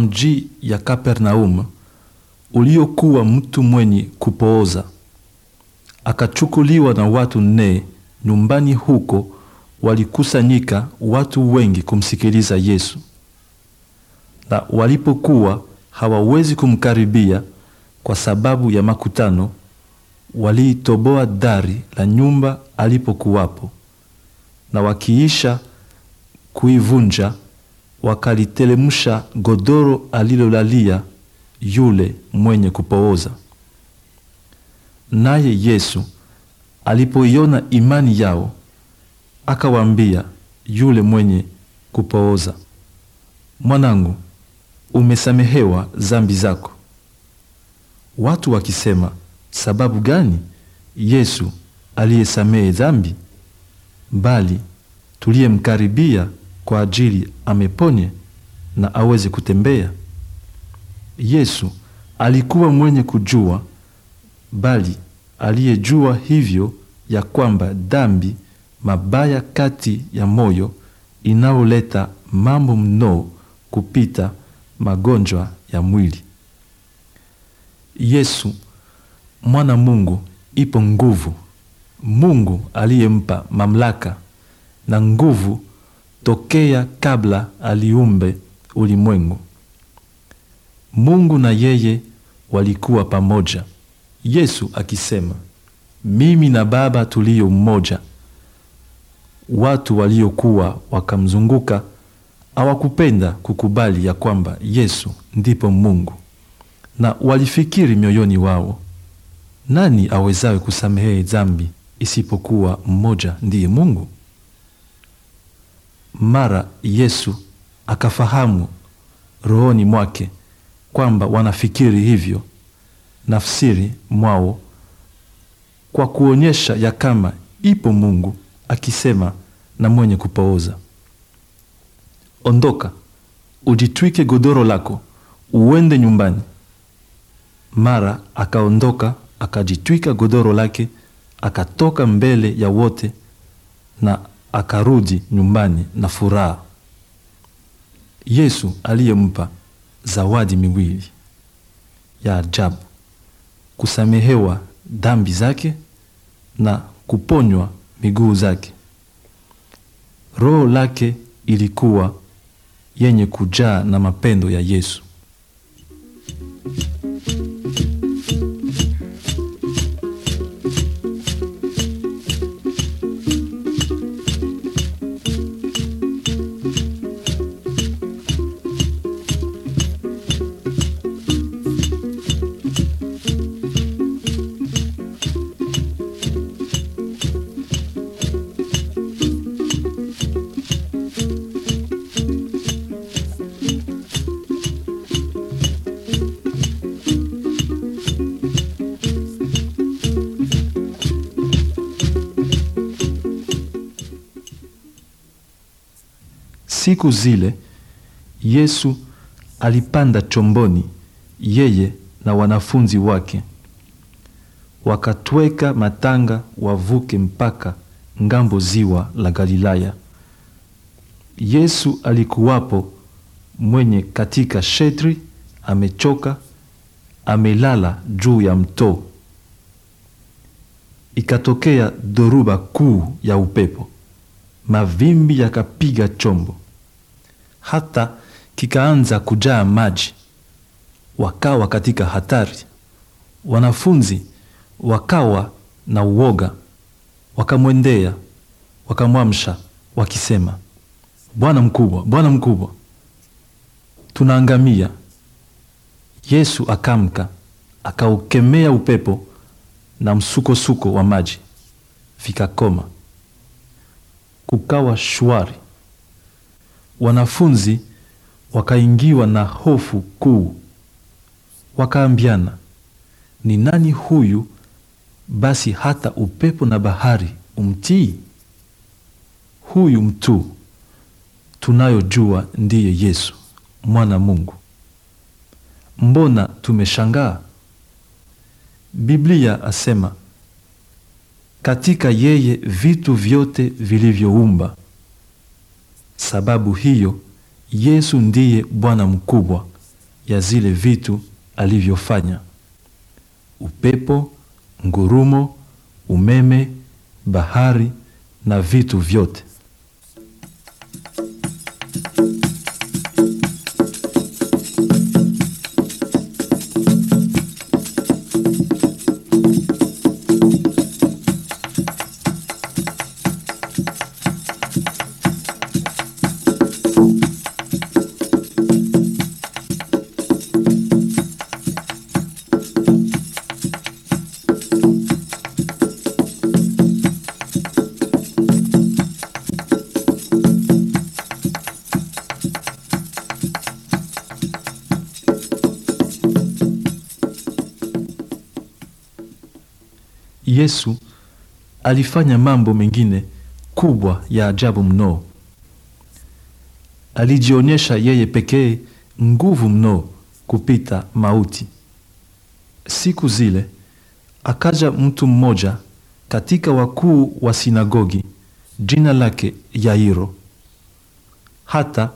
mji ya Kapernaum uliokuwa mtu mwenye kupooza. Akachukuliwa na watu nne nyumbani huko, walikusanyika watu wengi kumsikiliza Yesu, na walipokuwa hawawezi kumkaribia kwa sababu ya makutano, waliitoboa dari la nyumba alipokuwapo, na wakiisha kuivunja wakalitelemsha godoro alilolalia yule mwenye kupooza. Naye Yesu alipoiona imani yao, akawaambia yule mwenye kupooza, mwanangu, umesamehewa zambi zako. Watu wakisema, sababu gani Yesu aliyesamehe dhambi? Bali tuliyemkaribia kwa ajili ameponye na aweze kutembea. Yesu alikuwa mwenye kujua, bali aliyejua hivyo ya kwamba dhambi mabaya kati ya moyo inaoleta mambo mno kupita magonjwa ya mwili. Yesu mwana Mungu ipo nguvu. Mungu aliyempa mamlaka na nguvu tokea kabla aliumbe ulimwengu. Mungu na yeye walikuwa pamoja. Yesu akisema, mimi na Baba tulio mmoja. Watu waliokuwa wakamzunguka hawakupenda kukubali ya kwamba Yesu ndipo Mungu, na walifikiri mioyoni wao, nani awezawe kusamehe dhambi isipokuwa mmoja ndiye Mungu? Mara Yesu akafahamu rohoni mwake kwamba wanafikiri hivyo nafsiri mwao, kwa kuonyesha ya kama ipo Mungu, akisema na mwenye kupooza, ondoka, ujitwike godoro lako uende nyumbani. Mara akaondoka akajitwika godoro lake, akatoka mbele ya wote na akarudi nyumbani na furaha. Yesu aliyempa zawadi miwili ya ajabu, kusamehewa dhambi zake na kuponywa miguu zake. Roho lake ilikuwa yenye kujaa na mapendo ya Yesu. Siku zile Yesu alipanda chomboni, yeye na wanafunzi wake, wakatweka matanga wavuke mpaka ngambo ziwa la Galilaya. Yesu alikuwapo mwenye katika shetri, amechoka, amelala juu ya mto. Ikatokea dhoruba kuu ya upepo, mavimbi yakapiga chombo hata kikaanza kujaa maji, wakawa katika hatari. Wanafunzi wakawa na uoga, wakamwendea wakamwamsha wakisema, Bwana mkubwa, Bwana mkubwa, tunaangamia. Yesu akamka akaukemea upepo na msukosuko wa maji, vikakoma, kukawa shwari wanafunzi wakaingiwa na hofu kuu, wakaambiana, ni nani huyu basi hata upepo na bahari umtii? Huyu mtu tunayojua ndiye Yesu mwana Mungu. Mbona tumeshangaa? Biblia asema katika yeye vitu vyote vilivyoumba sababu hiyo Yesu ndiye Bwana mkubwa ya zile vitu alivyofanya: upepo, ngurumo, umeme, bahari na vitu vyote. Yesu alifanya mambo mengine kubwa ya ajabu mno. Alijionyesha yeye pekee nguvu mno kupita mauti. Siku zile akaja mtu mmoja katika wakuu wa sinagogi, jina lake Yairo. Hata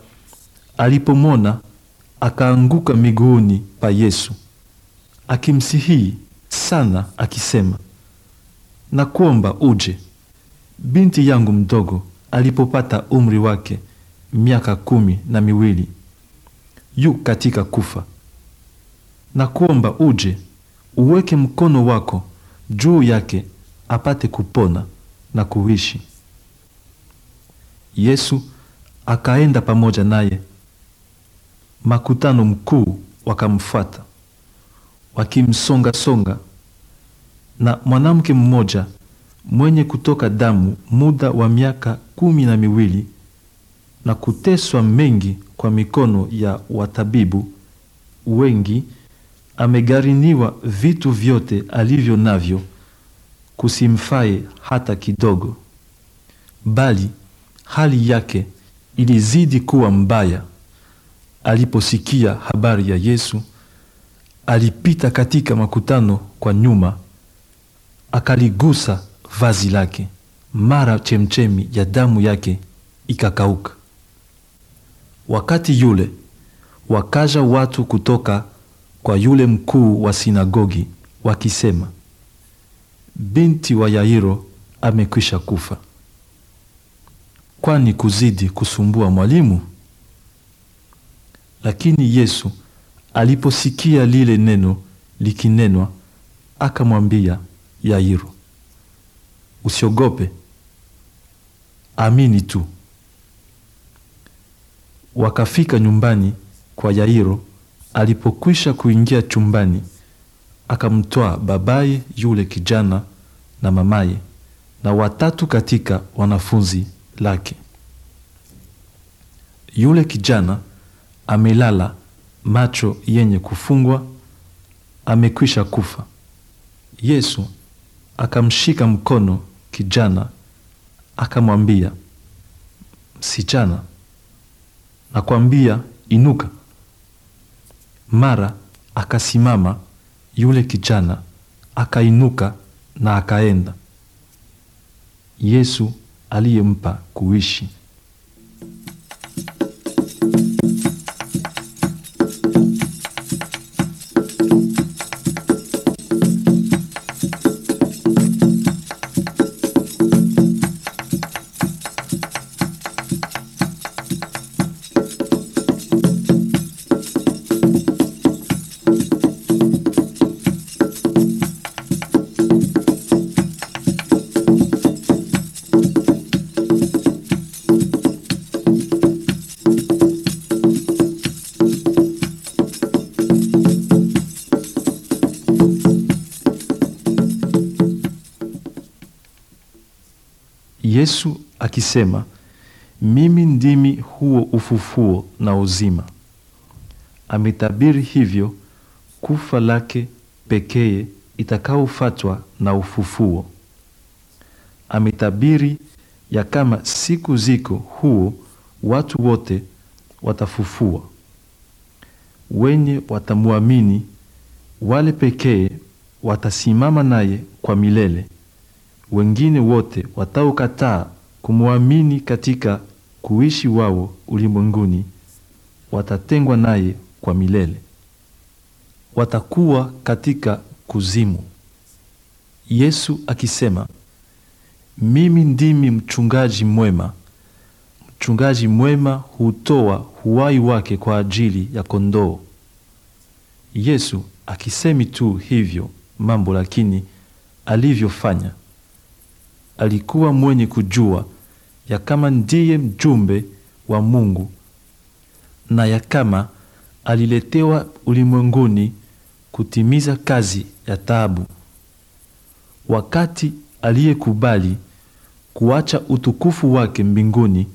alipomwona akaanguka miguuni pa Yesu akimsihi sana akisema, na kuomba uje. Binti yangu mdogo alipopata umri wake miaka kumi na miwili yu katika kufa, na kuomba uje uweke mkono wako juu yake apate kupona na kuishi. Yesu akaenda pamoja naye, makutano mkuu wakamfuata wakimsonga songa na mwanamke mmoja mwenye kutoka damu muda wa miaka kumi na miwili na kuteswa mengi kwa mikono ya watabibu wengi, amegariniwa vitu vyote alivyo navyo, kusimfaye hata kidogo, bali hali yake ilizidi kuwa mbaya. Aliposikia habari ya Yesu, alipita katika makutano kwa nyuma Akaligusa vazi lake, mara chemchemi ya damu yake ikakauka. Wakati yule wakaja watu kutoka kwa yule mkuu wa sinagogi wakisema, binti wa Yairo amekwisha kufa, kwani kuzidi kusumbua mwalimu? Lakini Yesu aliposikia lile neno likinenwa, akamwambia Yairo. Usiogope, amini tu. Wakafika nyumbani kwa Yairo. Alipokwisha kuingia chumbani, akamtoa babaye yule kijana na mamaye na watatu katika wanafunzi lake. Yule kijana amelala, macho yenye kufungwa, amekwisha kufa. Yesu akamshika mkono kijana akamwambia, msichana, nakwambia inuka. Mara akasimama yule kijana, akainuka na akaenda. Yesu aliyempa kuishi Yesu akisema, mimi ndimi huo ufufuo na uzima. Ametabiri hivyo kufa lake pekee itakaofatwa na ufufuo. Ametabiri ya kama siku ziko huo watu wote watafufua, wenye watamwamini wale pekee watasimama naye kwa milele, wengine wote wataokataa kumwamini katika kuishi wao ulimwenguni watatengwa naye kwa milele, watakuwa katika kuzimu. Yesu akisema, mimi ndimi mchungaji mwema. Mchungaji mwema hutoa uhai wake kwa ajili ya kondoo. Yesu akisemi tu hivyo mambo, lakini alivyofanya alikuwa mwenye kujua ya kama ndiye mjumbe wa Mungu na ya kama aliletewa ulimwenguni kutimiza kazi ya taabu. Wakati aliyekubali kuacha utukufu wake mbinguni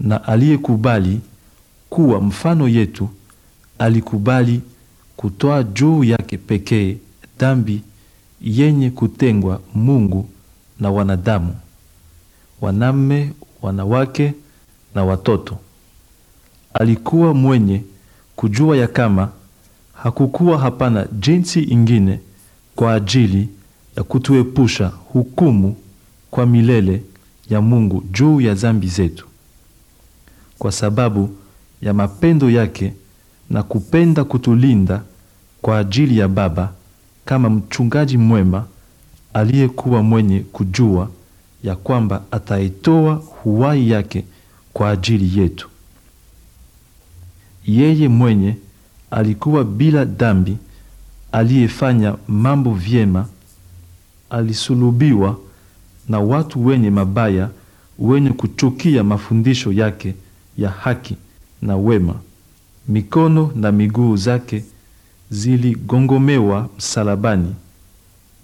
na aliyekubali kuwa mfano yetu, alikubali kutoa juu yake pekee dhambi yenye kutengwa Mungu na wanadamu, wanamme wanawake na watoto. Alikuwa mwenye kujua ya kama hakukuwa hapana jinsi ingine kwa ajili ya kutuepusha hukumu kwa milele ya Mungu juu ya zambi zetu, kwa sababu ya mapendo yake na kupenda kutulinda kwa ajili ya Baba kama mchungaji mwema aliyekuwa mwenye kujua ya kwamba ataitoa huwai yake kwa ajili yetu. Yeye mwenye alikuwa bila dhambi, aliyefanya mambo vyema, alisulubiwa na watu wenye mabaya, wenye kuchukia mafundisho yake ya haki na wema. Mikono na miguu zake ziligongomewa msalabani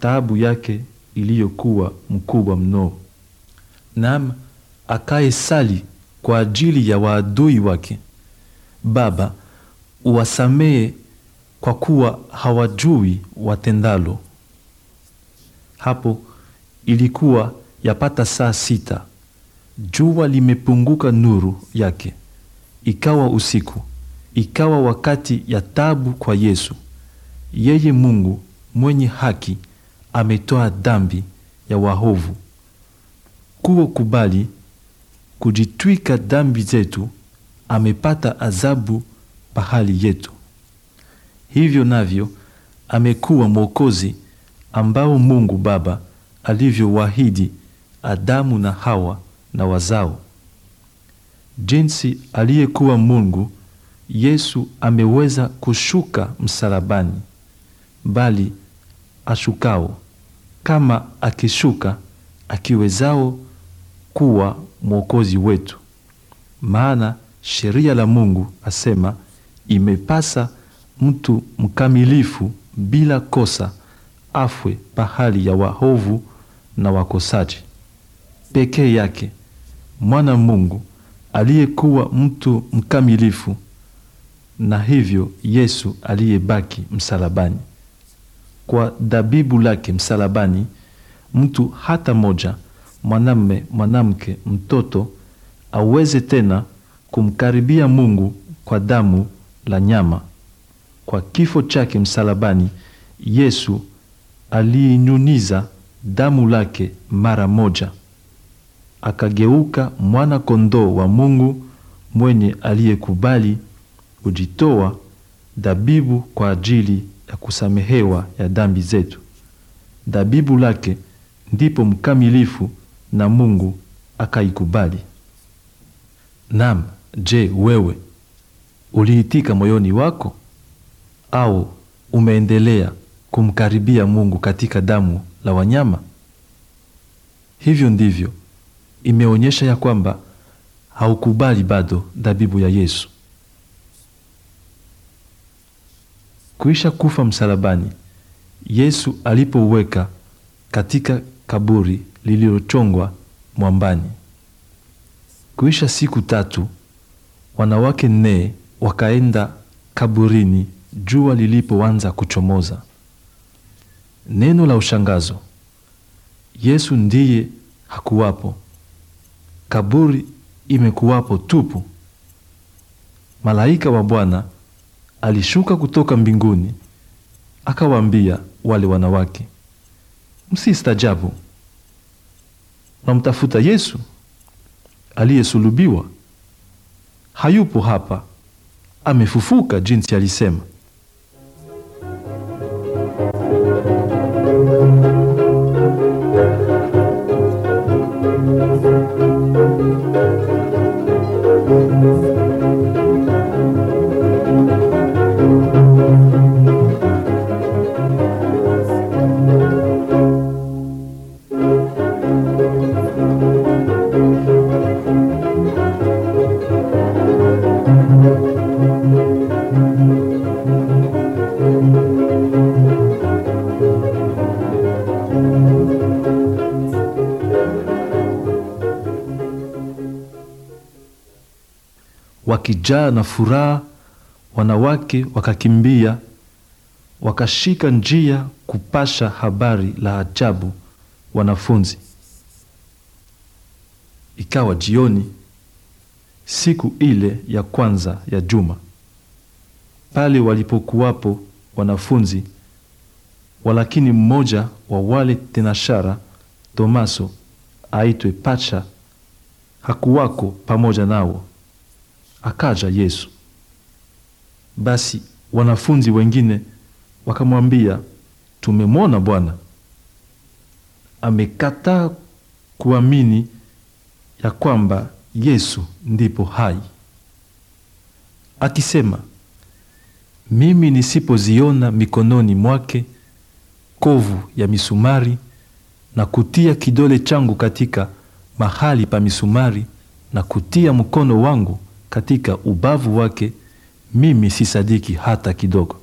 taabu yake iliyokuwa mkubwa mno. Naam, sali kwa ajili ya waadui wake. Baba, uwasamehe kwa kuwa hawajui watendalo. Hapo ilikuwa yapata saa sita, jua limepunguka nuru yake, ikawa usiku, ikawa wakati ya tabu kwa Yesu. Yeye Mungu mwenye haki ametoa dhambi ya wahovu. Kuo kubali kujitwika dhambi zetu, amepata adhabu pahali yetu. Hivyo navyo amekuwa Mwokozi ambao Mungu Baba alivyowahidi Adamu na Hawa na wazao. Jinsi aliyekuwa Mungu, Yesu ameweza kushuka msalabani, bali ashukao kama akishuka akiwezao kuwa mwokozi wetu, maana sheria la Mungu asema imepasa mtu mkamilifu bila kosa afwe pahali ya wahovu na wakosaji pekee yake. Mwana Mungu aliyekuwa mtu mkamilifu, na hivyo Yesu aliyebaki msalabani kwa dabibu lake msalabani, mtu hata moja, mwanamme, mwanamke, mtoto aweze tena kumkaribia Mungu kwa damu la nyama. Kwa kifo chake msalabani, Yesu aliinyuniza damu lake mara moja, akageuka mwana kondoo wa Mungu mwenye aliyekubali kujitoa dhabibu kwa ajili ya kusamehewa ya dhambi zetu. Dhabibu lake ndipo mkamilifu na Mungu akaikubali. Naam, je, wewe uliitika moyoni wako au umeendelea kumkaribia Mungu katika damu la wanyama? Hivyo ndivyo imeonyesha ya kwamba haukubali bado dhabibu ya Yesu. Kuisha kufa msalabani, Yesu alipouweka katika kaburi lililochongwa mwambani. Kuisha siku tatu, wanawake nne wakaenda kaburini jua lilipoanza kuchomoza. Neno la ushangazo, Yesu ndiye hakuwapo, kaburi imekuwapo tupu. Malaika wa Bwana alishuka kutoka mbinguni akawaambia wale wanawake, msistajabu, namtafuta Yesu aliyesulubiwa. Hayupo hapa, amefufuka jinsi alisema. wakijaa na furaha, wanawake wakakimbia wakashika njia kupasha habari la ajabu wanafunzi. Ikawa jioni siku ile ya kwanza ya juma, pale walipokuwapo wanafunzi, walakini mmoja wa wale tenashara Tomaso aitwe Pacha hakuwako pamoja nao. Akaja Yesu. Basi wanafunzi wengine wakamwambia, tumemwona Bwana. Amekataa kuamini ya kwamba Yesu ndipo hai, akisema, mimi nisipoziona mikononi mwake kovu ya misumari na kutia kidole changu katika mahali pa misumari na kutia mkono wangu katika ubavu wake, mimi si sadiki hata kidogo.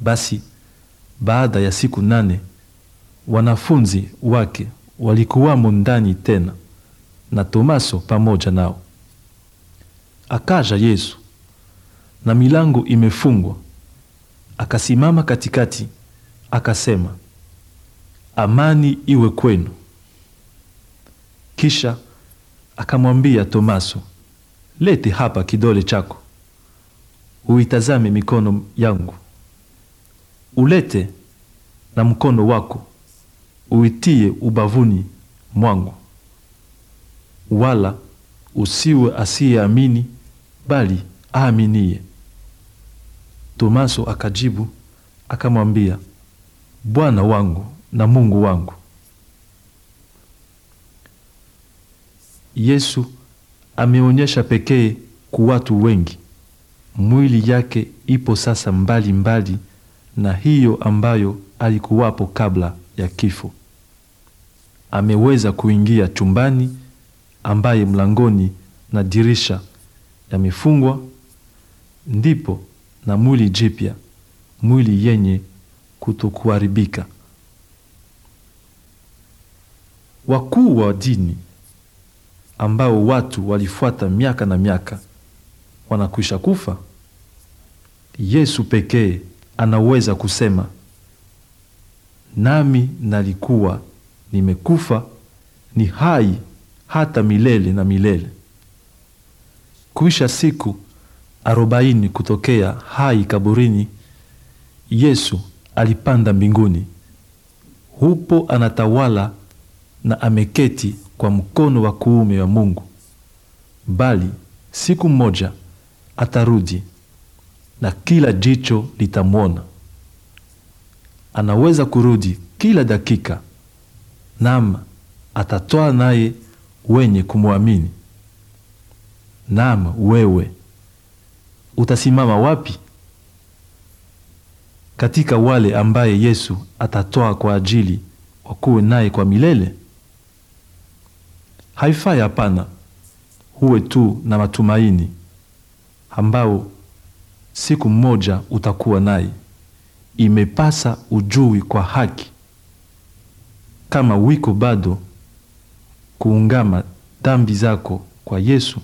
Basi baada ya siku nane wanafunzi wake walikuwamo ndani tena na Tomaso pamoja nao. Akaja Yesu na milango imefungwa, akasimama katikati, akasema, amani iwe kwenu. Kisha Akamwambia Tomaso, lete hapa kidole chako, uitazame mikono yangu, ulete na mkono wako, uitie ubavuni mwangu, wala usiwe asiyeamini, bali aaminie. Tomaso akajibu akamwambia, Bwana wangu na Mungu wangu. Yesu ameonyesha pekee watu wengi mwili yake ipo sasa mbali mbali na hiyo ambayo alikuwapo kabla ya kifo. Ameweza kuingia chumbani ambaye mlangoni na dirisha yamefungwa, ndipo na mwili jipya, mwili yenye kutokuharibika. Wakuu wa dini ambao watu walifuata miaka na miaka wanakwisha kufa. Yesu pekee anaweza kusema nami nalikuwa nimekufa, ni hai hata milele na milele. Kuisha siku arobaini kutokea hai kaburini, Yesu alipanda mbinguni, hupo anatawala na ameketi kwa mkono wa kuume wa Mungu, bali siku mmoja atarudi na kila jicho litamwona. Anaweza kurudi kila dakika, nam atatoa naye wenye kumwamini. Nam, wewe utasimama wapi katika wale ambaye Yesu atatoa kwa ajili wakuwe naye kwa milele? haifai. Hapana, huwe tu na matumaini ambao siku mmoja utakuwa naye. Imepasa ujui kwa haki kama wiko bado kuungama dhambi zako kwa Yesu,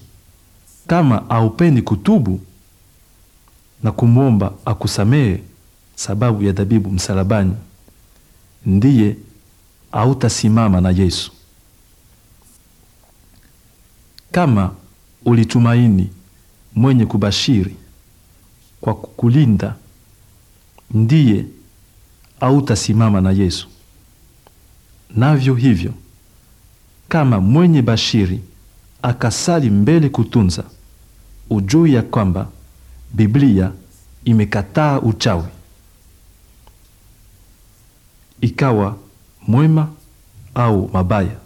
kama aupendi kutubu na kumwomba akusamehe sababu ya dhabibu msalabani, ndiye autasimama na Yesu kama ulitumaini mwenye kubashiri kwa kukulinda, ndiye autasimama na Yesu. Navyo hivyo kama mwenye bashiri akasali mbele kutunza, ujui ya kwamba Biblia imekataa uchawi. Ikawa mwema au mabaya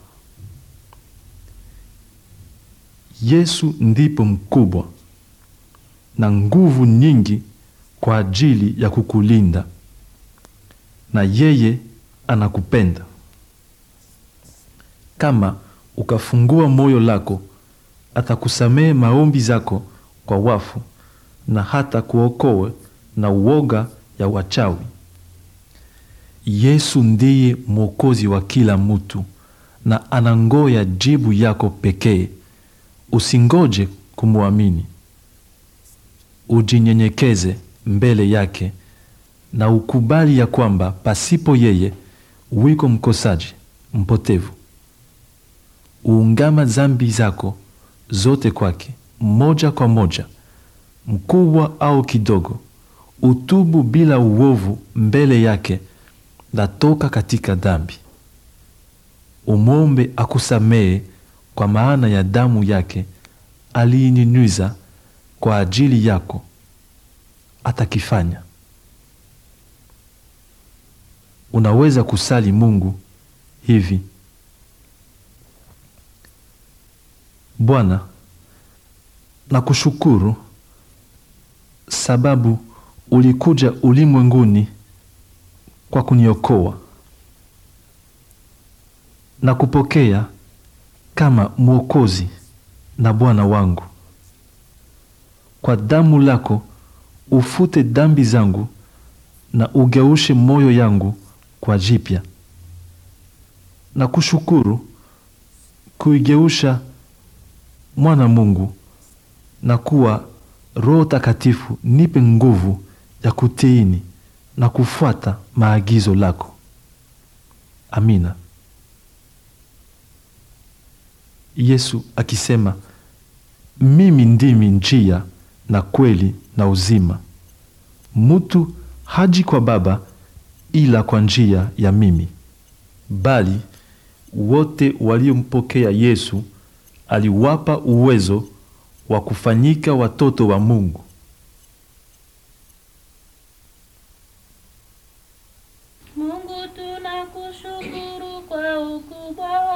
Yesu ndipo mkubwa na nguvu nyingi kwa ajili ya kukulinda, na yeye anakupenda. Kama ukafungua moyo lako, atakusamehe maombi zako kwa wafu na hata kuokoe na uoga ya wachawi. Yesu ndiye mwokozi wa kila mtu na anangoya jibu yako pekee. Usingoje kumwamini, ujinyenyekeze mbele yake na ukubali ya kwamba pasipo yeye wiko mkosaji mpotevu. Uungama zambi zako zote kwake moja kwa moja, mkubwa au kidogo, utubu bila uovu mbele yake na toka katika dhambi, umwombe akusamehe kwa maana ya damu yake aliinyunyiza kwa ajili yako atakifanya unaweza kusali mungu hivi bwana nakushukuru sababu ulikuja ulimwenguni kwa kuniokoa na kupokea kama Mwokozi na Bwana wangu. Kwa damu lako ufute dhambi zangu na ugeushe moyo yangu kwa jipya. Na kushukuru kuigeusha mwana Mungu na kuwa Roho Takatifu, nipe nguvu ya kutiini na kufuata maagizo lako. Amina. Yesu akisema, mimi ndimi njia na kweli na uzima, mutu haji kwa Baba ila kwa njia ya mimi. Bali wote waliompokea Yesu aliwapa uwezo wa kufanyika watoto wa Mungu. Mungu tunakushukuru kwa ukubwa